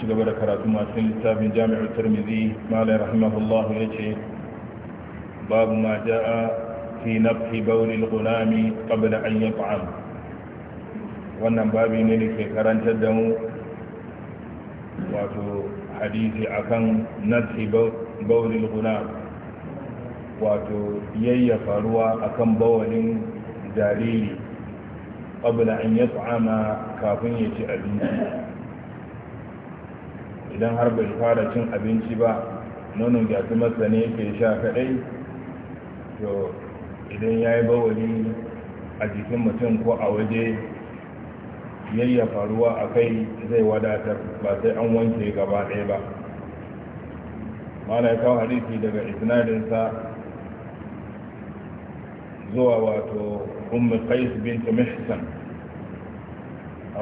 ci gaba da karatu masu littafin jami'ar turmizi malai rahimahullah ya ce babu ma ja'a fi bauri baulil gunami qabla an yaf'al wannan babi ne da ke karantar da mu wato hadisi akan nafi baulil gunam wato yayyafa faruwa akan bawalin jariri qabla an yat'ama kafin ya ci abinci idan har bai fara cin abinci ba nonon gyatu masa ne ke sha kadai to idan ya yi bawali a jikin mutum ko a waje yayya ruwa a kai zai wadatar ba sai an wanke gaba ɗaya ba mana ya kawo hadisi daga isnadinsa zuwa wato ummi qais bint mihsan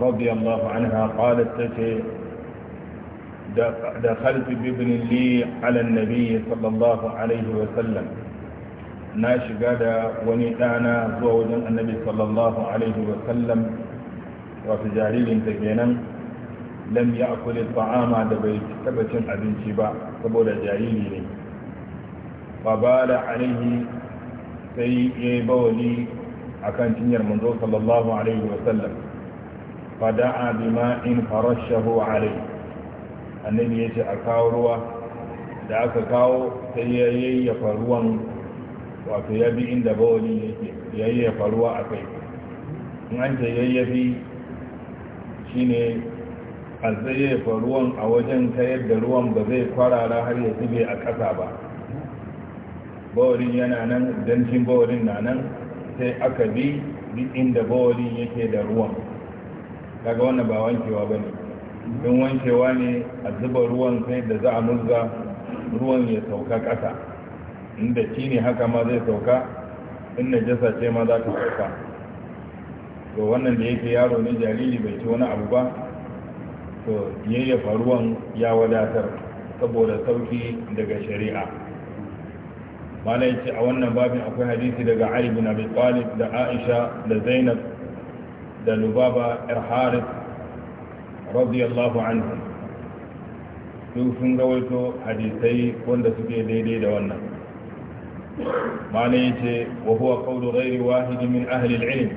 radiyallahu anha qalat tace دخلت بابن لي على النبي صلى الله عليه وسلم ناشي قادة ونئانا زوجا النبي صلى الله عليه وسلم وفي جاريل تجينا لم يأكل الطعام دبيت تبتن أبن شبا قبول جاريلي فبال عليه سيئي بولي أكان تنير منذ صلى الله عليه وسلم فدعا بماء فرشه عليه annabi ya ce a kawo ruwa da aka kawo sai ya yayyafa ruwan wato ya bi inda bawali yake yayyafa ruwa a kai in an ce yayyafi shine a zayyafa ruwan a wajen ta yadda ruwan ba zai kwarara har ya zube a ƙasa ba bawalin yana nan dancin bawalin na nan sai aka bi inda bawalin yake da ruwan kaga wannan ba wankewa ba ne in wankewa ne a zuba ruwan sai da za a nuzza ruwan ya sauka ƙasa inda shi ne haka ma zai sauka in jasa ce ma za ta sauka to wannan da yake yaro ne jariri bai ci wani abu ba to yayyafa ruwan ya wadatar saboda sauki daga shari'a ya ce a wannan babin akwai hadisi daga ari bin Abi da Aisha da Zainab da Lubaba Haris. radiyallahu anhu duk sun gawaito hadisai wanda suke daidai da wannan mana yace wa huwa qawlu ghairi wahid min ahli al-ilm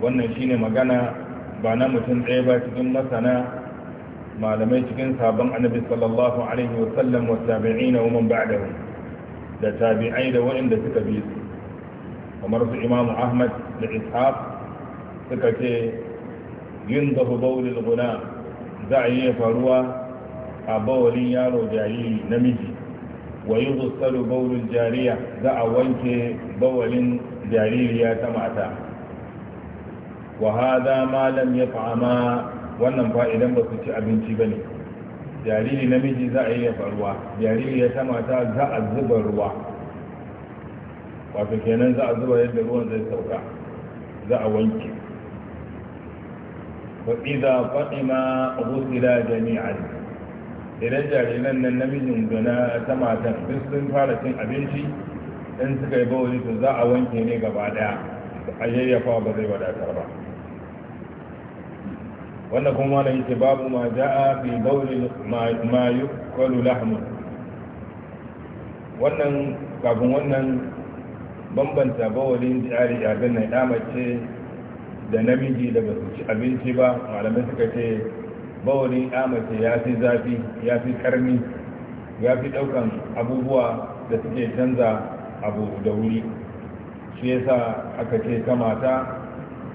wannan shine magana ba na mutum ɗaya ba cikin masana malamai cikin sabon annabi sallallahu alaihi wa sallam wa tabi'ina wa man ba'dahum da tabi'ai da waɗanda suka bi su kamar su imam ahmad da ishaq suka ce yin dafa baulil gulam za a iya faruwa a bawalin yaro jariri namiji wa yi zustaru baulil jariya za a wanke bawalin jaririya ta mata wa hada ma lam ya fa'ama wannan fa idan ba su ci abinci ba ne jariri namiji za a iya faruwa Jariri ya ta mata za a zuba ruwa wato kenan za a zuba yadda ruwan zai sauka za a wanke فإذا فطم غسل جميعا idan jariran nan namijin da na ta duk sun fara cin abinci in suka yi bawali to za a wanke ne gaba daya a yayyafa ba zai wadatar ba wanda kuma na yake babu ma a fi bawli ma yuqalu lahmu wannan kafin wannan bambanta bawalin jari a ganin ce. da namiji da basu ci abinci ba malamai suka ce bawani amince ya fi zafi ya fi karni ya fi daukan abubuwa da suke canza abu da wuri shi yasa aka ce ta mata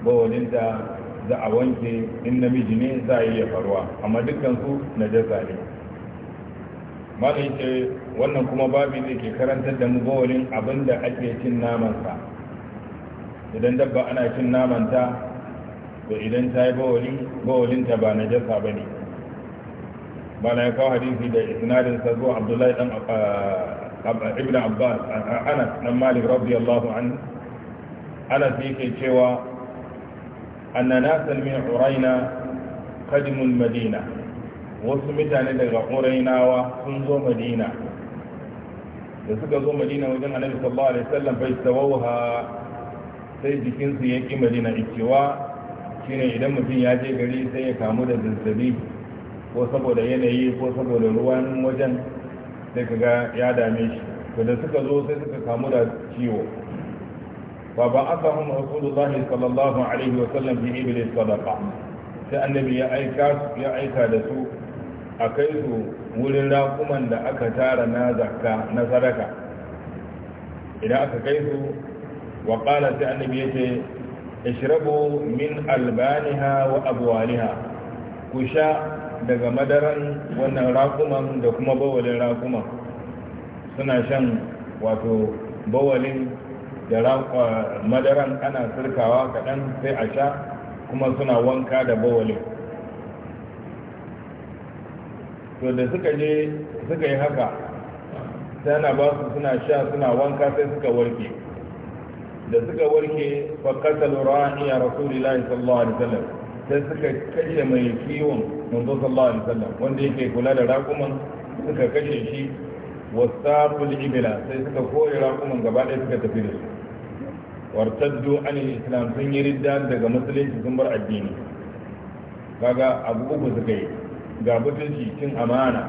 bawanin da za a wanke in namiji ne za a iya faruwa amma dukkan su jasa ne malamai ce wannan kuma babi ne ke karantar da mu bawanin abin da ake cin namansa idan dabba ana cin namanta to idan ta yi bawali bawalinta ba na jasa ba ne ba na ya kawo hadisi da isnadin sa zuwa abdullahi dan ah, ibn abbas anas dan malik rabbi radiyallahu an anas yake cewa anna nasan min uraina qadimul madina wasu mutane daga urainawa sun zo madina da suka zo madina wajen annabi sallallahu alaihi wasallam bai tawawha sai jikinsu ya ƙi madina ikewa shine idan mutum ya je gari sai ya kamu da zazzabi ko saboda yanayi ko saboda ruwan wajen sai ka ga ya dame shi to da suka zo sai suka kamu da ciwo fa ba aka hun rasulullahi sallallahu alaihi wa sallam fi iblis sadaqa sai annabi ya aika ya aika da su a kai su wurin rakuman da aka tara na zakka na sadaka idan aka kai su wa qala sai annabi yace ishrabu min albaniha wa abwaliha ku sha daga madaran wannan rakuman da kuma bawalin rakuman suna shan wato bawalin da madaran ana sirkawa kaɗan sai a sha kuma suna wanka da bawalin to da suka je suka yi haka sai ana ba su suna sha suna wanka sai suka warke da suka warke fakatal ra'iya rasulillahi sallallahu alaihi wasallam sai suka kashe mai kiwon manzo sallallahu alaihi wasallam wanda yake kula da rakuman suka kashe shi wasaful ibila sai suka kore rakuman gaba ɗaya suka tafi da su wartaddu an islam sun yi ridda daga musulunci sun bar addini kaga abu uku suka yi ga butunci cin amana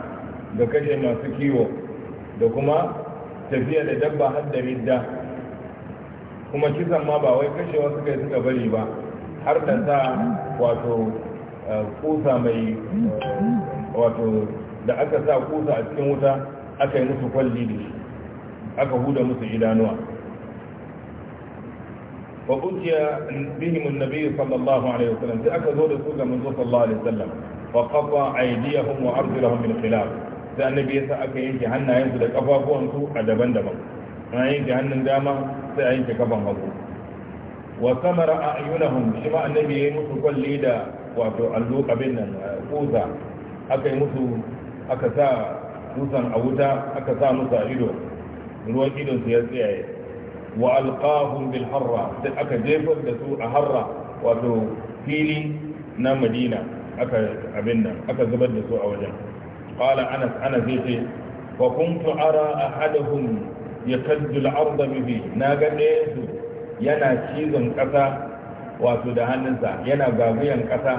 da kashe masu kiwo da kuma tafiya da dabba har da ridda kuma kisan ma ba wai kashewa suka yi suka bari ba har da sa wato eh, kusa mai eh, wato da aka sa kusa a cikin wuta aka yi musu kwalli da shi aka huda musu idanuwa wa utiya bihim annabi sallallahu alaihi wasallam sai aka zo da su ga manzo sallallahu alaihi wasallam fa qata aydiyahum wa arjulahum min khilaf sai annabi sa aka yanke hannayensu da kafafuwansu a daban-daban na yanke hannun dama sai a yanke kafan hagu wa samara a'yunahum shi ma annabi yayi musu kwalli da wato allo abin nan eh, kusa aka yi musu aka sa kusan a wuta aka sa musu a ido ruwan idon su ya tsaye wa alqahum bil harra sai aka jefar da su a harra wato fili na madina aka abin nan aka zubar da su a wajen qala anas anas yace wa kuntu ara ahadahum ya kaddul arda bihi na ga su yana cizon ƙasa wato da hannunsa yana gaguyan ƙasa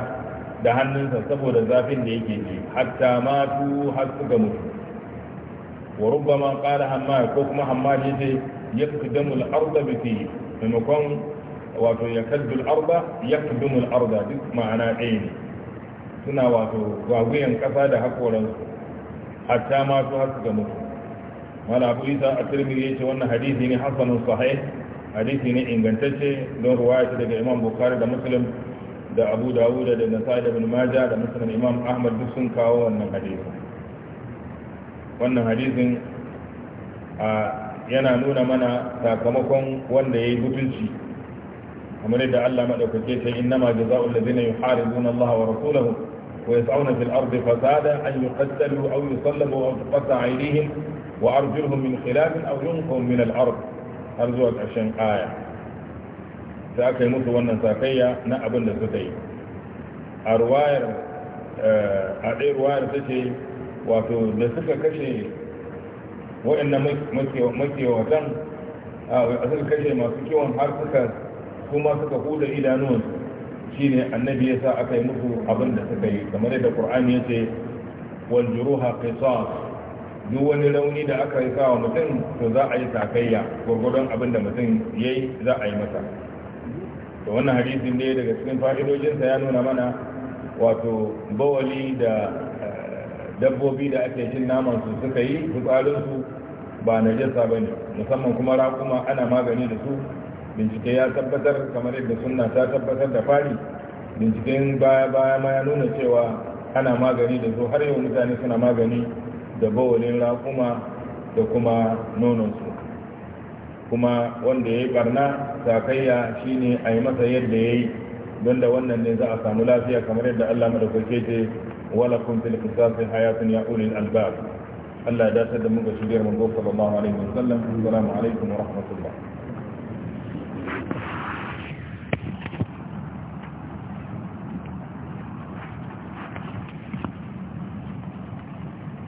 da hannunsa saboda zafin da yake ji hatta matu har suka mutu wa rubbama qala amma ko kuma ne yace yakdamu al-arda bi fi maimakon wato yakaddu al-arda yakdamu al-arda duk ma'ana ɗaya ne suna wato gaguyan ƙasa da hakoran hatta matu har suka mutu wani abu isa a tirmidhi yace wannan hadisi ne hasanun sahih hadisi ne ingantacce don ruwaya ta daga imam bukari da muslim da abu dawud da nasa da bin maja da muslim imam ahmad duk sun kawo wannan hadisi wannan hadisin yana nuna mana sakamakon wanda ya yayi mutunci kamar yadda Allah madaukake ta innama jazaa'u allazina yuharibuna Allah wa rasulahu wa yas'una fil ardi fasada an yuqaddalu aw yusallabu aw tuqatta aydihim wa arjulhum min khilafin aw yunqum min al-ard har zuwa ƙarshen aya sai aka yi musu wannan sakayya na abin da suka yi a ruwayar ta ce wato da suka kashe waɗannan makewatan a suka kashe masu kiwon har suka kuma suka huda idanuwansu shi annabi ya sa aka yi musu abin da suka yi kamar yadda kur'ani ya ce wal duk wani rauni da aka yi wa mutum to za a yi takayya gwargwadon abin da mutum ya yi za a yi masa to wannan hadisin ne daga cikin fa'idojinsa ya nuna mana wato bawali da eh, dabbobi da ake cin naman su suka yi fitsarinsu ba na najasa ba ne musamman kuma rakuma ana magani da su bincike ya tabbatar kamar yadda suna ta tabbatar da fari binciken baya baya ma ya nuna cewa ana magani da su har yau mutane suna magani da bawalin raƙuma da kuma nononsu kuma wanda ya yi barna sakayya ne a yi masa yadda ya yi don da wannan ne za a samu lafiya kamar yadda Allah madaukake ce wala kun fil qisasi hayatun ya ulil albab Allah ya dace da muka mu ga shiriyar manzo sallallahu alaihi wasallam assalamu alaikum wa rahmatullah